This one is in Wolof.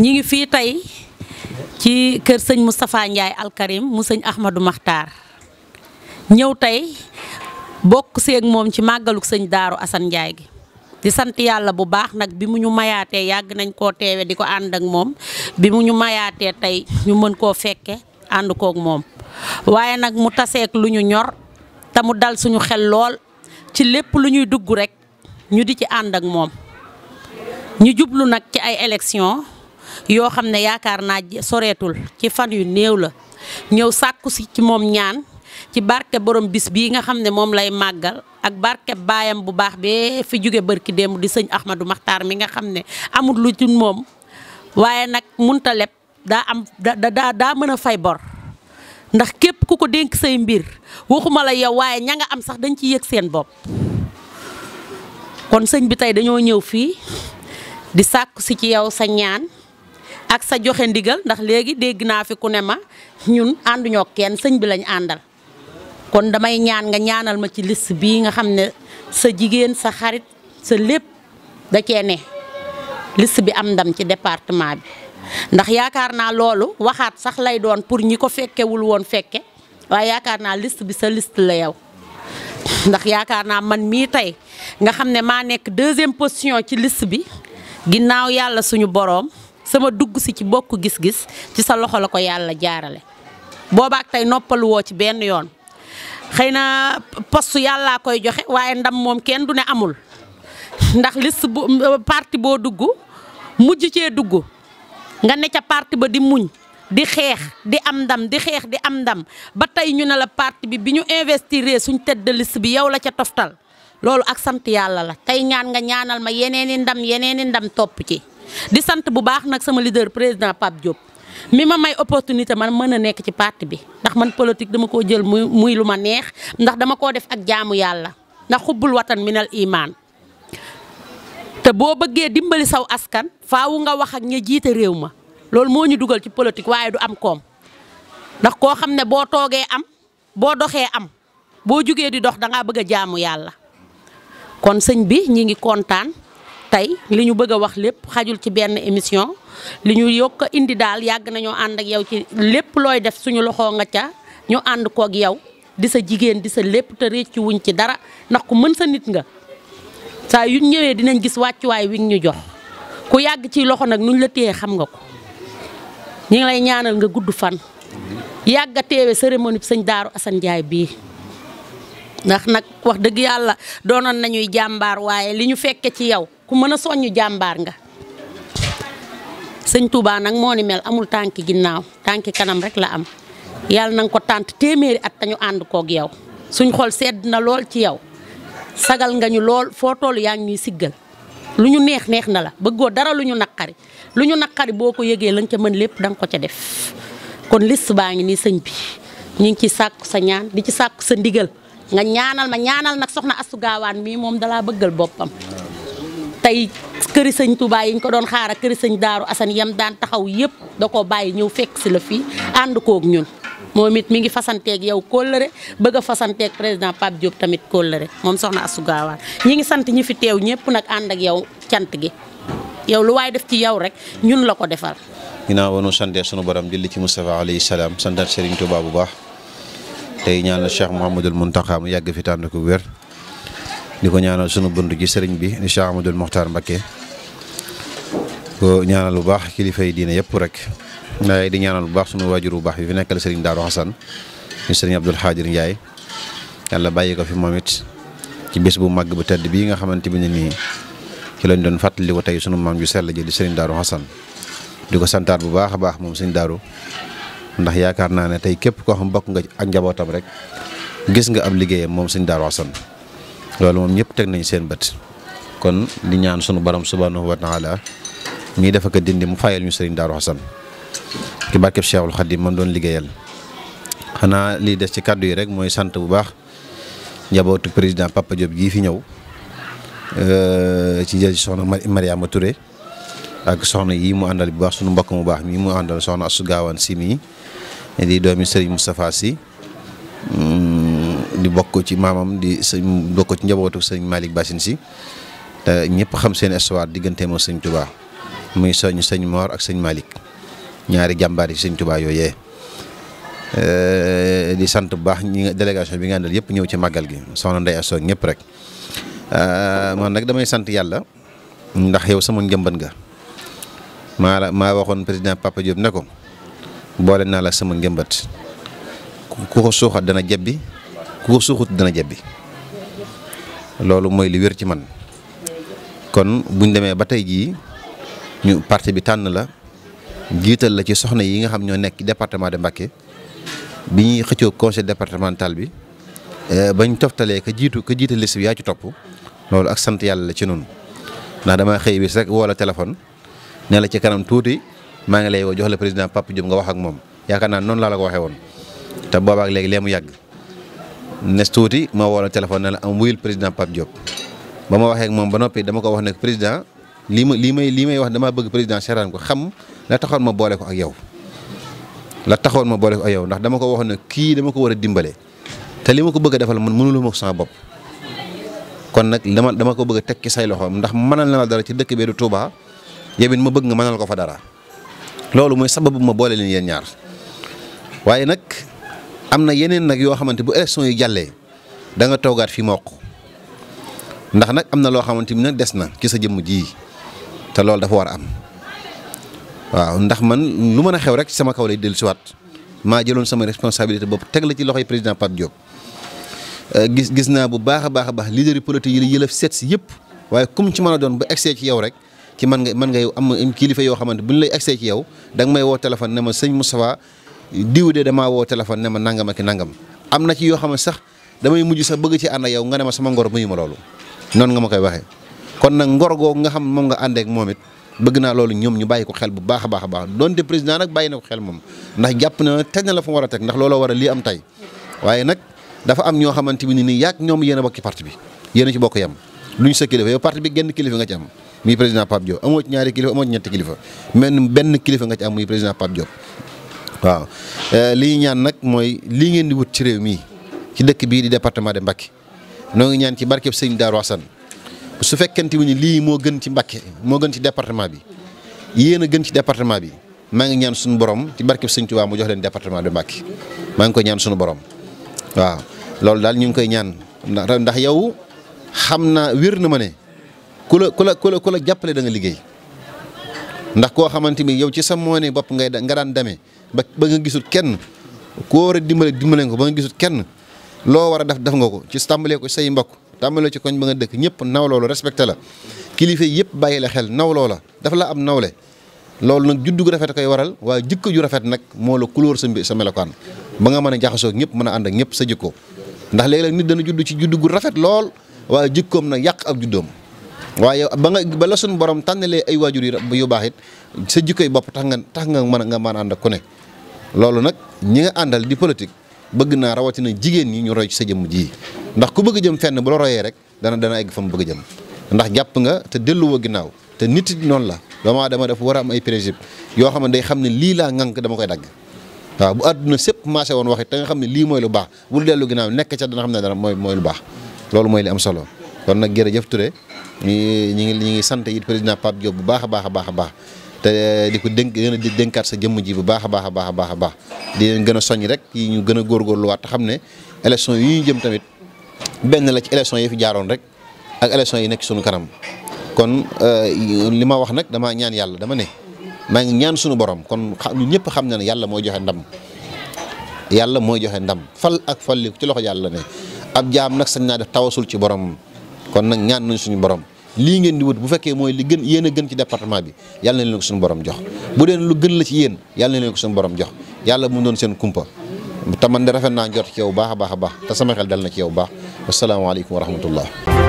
ñi ngi fii tey ci kër sëñ Moustapha Ndiaye alkarim mu sëñ Ahmadou maxtar ñëw tey bokk seeg moom ci màggaluk sëñ Daaru Assane Ndiaye gi di sant yàlla bu baax nag bi mu ñu mayaatee yàgg nañ koo teewe di ko ànd ak moom bi mu ñu mayaatee tey ñu mën koo fekke ànd koog moom waaye nag mu taseek lu ñu ñor te mu dal suñu xel lool ci lépp lu ñuy dugg rekk ñu di ci ànd ak moom ñu jublu nag ci ay élection yoo xam ne yaakaar naa soreetul ci fan yu néew la ñëw sàkku si ci moom ñaan ci barke borom bis bii nga xam ne moom lay màggal ak barke baayam bu baax bee fi jóge bërki demb di sëñ Ahmadou Maxtaar mi nga xam ne amut lu ci moom waaye nag munta leb daa am daa mën a fay bor ndax képp ku ko dénk say mbir waxuma la yow waaye ña nga am sax dañ ci yëg seen bopp kon sëñ bi tey dañoo ñëw fii di sàkku si ci yow sa ñaan ak sa joxe ndigal ndax léegi dégg naa fi ku ne ma ñun ànduñoo kenn sëñ bi lañu àndal kon damay ñaan nga ñaanal ma ci list bii nga xam ne sa jigéen sa xarit sa lépp da cee ne list bi am ndam ci département bi ndax yaakaar naa loolu waxaat sax lay doon pour ñi ko fekkewul woon fekke waaye yaakaar naa list bi sa list la yow ndax yaakaar naa man mii tey nga xam ne maa nekk deuxième position ci list bi ginnaaw yàlla suñu boroom sama dugg si ci bokk gis-gis ci sa loxo la ko yàlla jaarale boobaak tey noppaluwoo ci benn yoon xëy na yàlla yàllaa koy joxe waaye ndam moom kenn du ne amul ndax liste bu parti boo dugg mujj cee dugg nga ne ca parti ba di muñ di xeex di am ndam di xeex di am ndam ba tey ñu ne la parti bi bi ñu investiré suñ tête de bi yow la ca toftal loolu ak sant yàlla la tey ñaan nga ñaanal ma yeneeni ndam yeneeni ndam topp ci di sant bu baax nag sama leader président Pape Diop mi ma may opportunité man mën a nekk ci parti bi ndax man politique dama koo jël muy muy lu ma neex ndax dama koo def ak jaamu yàlla ndax xubbul watan minal imaan te boo bëggee dimbali saw askan faawu nga wax ak ña jiite réew ma loolu moo ñu dugal ci politique waaye du am koom ndax koo xam ne boo toogee am boo doxee am boo jógee di dox dangaa bëgg a jaamu yàlla kon sëñ bi ñi ngi kontaan tey li ñu bëgg a wax lépp xajul ci benn émission li ñu yokk indi daal yàgg nañoo ànd ak yow ci lépp looy def suñu loxoo nga ca ñu ànd kook yow di sa jigéen di sa lépp te récc ci dara ndax ku mën sa nit nga saa yu ñëwee dinañ gis wàccuwaay wi ñu jox ku yàgg ci loxo nag nuñ la téye xam nga ko ñu lay ñaanal nga gudd fan yàgg a teewe cérémonie bi sëñ Daaru Assane Ndiaye bii ndax nag wax dëgg yàlla doonoon nañuy jàmbaar waaye li ñu fekke ci yow ku mën a soññ jàmbaar nga sëñ Touba nag moo ni mel amul tànki ginnaaw tànki kanam rekk la am yàlla na nga ko tànt téeméeri at tañu ànd kook yow suñ xol sedd na lool ci yow sagal nga ñu lool foo toll yaa ngi ñuy siggal lu ñu neex neex na la bëggoo dara lu ñu naqari lu ñu naqari boo ko yégee lañ ca mën lépp danga ko ca def kon list baa ngi nii sëñ bi ñu ngi ci sàkku sa ñaan di ci sàkku sa ndigal nga ñaanal ma ñaanal nag soxna Astu Gaawaan mii moom dalaa bëggal boppam tey këri sëñ Touba yi ñu ko doon xaar ak këri sëñ Daaru Assane yam daan taxaw yëpp da koo bàyyi ñëw fekk si la fii ànd kook ñun moom it mi ngi fasanteeg yow kóllëre bëgg a président Pape Diop tamit kóllëre moom soxna Astou Gawane ñi ngi sant ñi fi teew ñëpp nag ànd ak yow cant gi yow lu waaye def ci yow rek ñun la ko defal. ginnaaw ba nu santee sunu borom julli ci Moustapha alayhi salaam santaat Serigne Touba bu baax tey ñaanal Cheikh Mouhamadul Mountakha mu yàgg fi tànn ko wér. di ko ñaanal sunu bunt ci sëriñ bi di Cheikh Amadou Mokhtar Mbacké ko ñaanal bu baax kilifa yi diine yëpp rek waaye di ñaanal bu baax sunu waajur bu baax bi fi nekkal sëriñ Darou Hassan di sëriñ Abdoul Xaadir yàlla bàyyi ko fi moom it ci bés bu màgg bu tedd bii nga xamante bi ne nii ci lañ doon fàttali ko tey sunu maam ju sell ji di sëriñ Darou Hassan di ko santaat bu baax a baax moom sëriñ Darou ndax yaakaar naa ne tey képp koo xam bokk nga ak njabootam rek gis nga ab liggéeyam moom sëriñ Darou Hassan loolu moom ñëpp teg nañu seen bët kon di ñaan sunu borom subhanahu wa taala mii dafa ko dindi mu fayal ñu sëriñ Daaru Xasan ki barkeb Cheikhul Khadim man doon liggéeyal xanaa lii des ci kàddu yi rek mooy sant bu baax njabootu président Papa Diop gii fi ñëw euh, ci jël soxna Mariama Touré ak soxna yii mu àndal bu baax sunu mbokk mu baax mii mu àndal soxna Assou Gawane si mii di doomi sëriñ Moustapha si di bokk ci maamam di sëñ bokk ci njabootu sëñ Malick Bassine si ñëpp xam seen histoire diggante moom sëñ muy soñ sëñ Mor ak sëñ malik ñaari jàmbaar yi sëñ Touba yooyee. Eh, di sant bu baax ñi délégation bi nga àndal yëpp ñëw ci màggal gi soxna Ndeye Assoog ñëpp rek eh, man nag damay sant yàlla ndax yow sama njëmban nga maa la maa waxoon président Papa Diop ne ko boole naa la sama njëmbat ku ko suuxat dana jebbi ku ko suuxut dana jebbi loolu mooy li wér ci man kon buñ demee ba tey jii ñu parti bi tànn la jiital la ci soxna yi nga xam ñoo nekk département de Mbacké bi ñuy xëccoo conseil départemental bi eh, bañ toftalee ka jiitu ka jiital liste bi yaa ci topp loolu ak sant yàlla la ci noonu ndax dama xëy bis rek woo la téléphone ne la ci kanam tuuti maa ngi lay woo jox la président Pape Diop nga wax ak moom yaakaar naa noonu laa la ko waxee woon te boobaak léegi lee mu yàgg. nes tuuti ma woo la téléphone ne la am wuyul président Pape Diop ba ma waxee moom ba noppi dama ko wax ne président lii ma lii may lii may wax damaa bëgg président seetaan ko xam la taxoon ma boole ko ak yow. la taxoon ma boole ko ak yow ndax dama ko wax ne kii dama ko war a dimbale te li ma ko bëgg a defal man mënuluma ko sama bopp. kon nag dama dama ko bëgg a teg ci say loxoom ndax mënal na la dara ci dëkk bee du Touba yow it ma bëgg nga mënal ko fa dara loolu mooy sababu ma boole leen yéen ñaar am na yeneen nag yoo xamante bu élection yi jàllee danga nga toogaat fi mokk ndax nag am na loo xamante ni nag des na ci sa jëmm ji te loolu dafa war a am waaw ndax man lu mën a xew rek sama kaw lay dellusiwaat maa jëloon sama responsabilité bopp teg la ci loxo loxoy président Pape Diop. Euh, gis gis naa bu baax a baax a baax leader yi politique yi yëlëf seet si yëpp waaye comme ci mën a doon bu egsee ci yow rek ci man nga man ngay am kilifa yoo xamante bu ñu lay egsee ci yow danga may woo téléphone ne ma sëñ Moustapha diw de damaa woo téléphone ne ma nangam ak nangam am na ci yoo xam ne sax damay mujj sax bëgg ci ànd ak yow nga ne ma sama ngor muyu ma loolu noonu nga ma koy waxee kon nag ngor googu nga xam moom nga àndeek moom it bëgg naa loolu ñoom ñu bàyyi ko xel bu baax a baax a baax donte président nag bàyyi na ko xel moom ndax jàpp na teg na la fu mu war a teg ndax looloo war a lii am tey waaye nag dafa am ñoo xamante bi ni nii yàgg ñoom yéen a bokki parti bi yéen ci bokk yem luñ sa kilifa yow bi genn kilifa nga am muy président Pape Diop amoo kilifa amoo benn kilifa nga ci am muy président Pape waaw euh, li ñu ñaan nag mooy lii ngeen di wut ci réew mii ci dëkk bii di département de Mbacké noo ngi ñaan ci barkeb sëñ Daaru Asan su fekkente wu ni lii moo gën ci Mbacké moo gën ci département bi yéen a gën ci département bi maa ngi ñaan suñu borom ci barkeb sëñ Tuubaa mu jox leen département de Mbacké maa ngi koy ñaan suñu borom waaw loolu daal ñu ngi koy ñaan ndax yow xam naa wér na ma ne ku la ku la ku la jàppale da liggéey ndax koo xamante ni yow ci sam moo moone bopp ngay nga daan demee ba ba nga gisul kenn koo war a dimbale dimbale ko ba nga gisul kenn loo war a def def nga ko ci tàmbalee ko say mbokk tàmbalee ci koñ ba nga dëkk ñëpp naw loolu respecté la kilifa yëpp bàyyi la xel nawloo la dafa la am nawle loolu nag juddu gu rafet a koy waral waaye jikko ju rafet nag moo la couleur sa mbir sa melokaan ba nga mën a jaxasoo ñëpp mën a ànd ñëpp sa jikko ndax léeg-léeg dana judd ci juddu gu rafet lool waaye jikkoom nag yàq ak juddoom waaye ba nga ba la suñu borom tànnalee ay waajur yu baax it sa jikkoy bopp tax nga tax nga mën a nga mën a ànd ak ku ne loolu nag ñi nga àndal di politique bëgg naa rawatina jigéen ñi ñu roy ci sa jëmm ji ndax ku bëgg jëm fenn bu la royee rek dana dana egg fa mu bëgg jëm ndax jàpp nga te delluwa ginnaaw te nit noonu la dama dama def war a am ay principe yoo xam ne day xam ne lii laa ŋànk dama koy dagg waaw bu àdduna sépp mase woon waxit te nga xam ne lii mooy lu baax bul dellu ginnaaw nekk ca dana xam ne dara mooy mooy lu baax loolu mooy li am solo kon nag jërëjëf Touré ñu ngi ñu ngi sant it président Pape Diop bu baax a baax a baax a baax te di ko dënk gën di dénkaat sa jëmm ji bu baax a baax a baax a baax a baax di leen gën a soññ rek yi ñu gën a góorgóorluwaat te xam ne élection yi jëm tamit benn la ci élection yi fi jaaroon rek ak élection yi nekk sunu kanam kon euh, li ma wax nag dama ñaan yàlla dama ne maa ngi ñaan suñu borom kon ñu ñëpp xam na ne yàlla mooy joxe ndam yàlla mooy joxe ndam fal ak fal li ci loxo yàlla ne ab jaam nag sañ naa def tawasul ci borom kon nag ñaan nañ suñu borom lii ngeen di wut bu fekkee mooy li gën yéen a gën ci département bi yàlla na leen ko suñu borom jox bu dee lu gën la ci yéen yàlla na leen ko suñu borom jox yàlla mu doon seen kumpa te man de rafet naa njort ci yow baax a baax a baax te sama xel dal na ci yow baax wasalaamaaleykum wa rahmatullah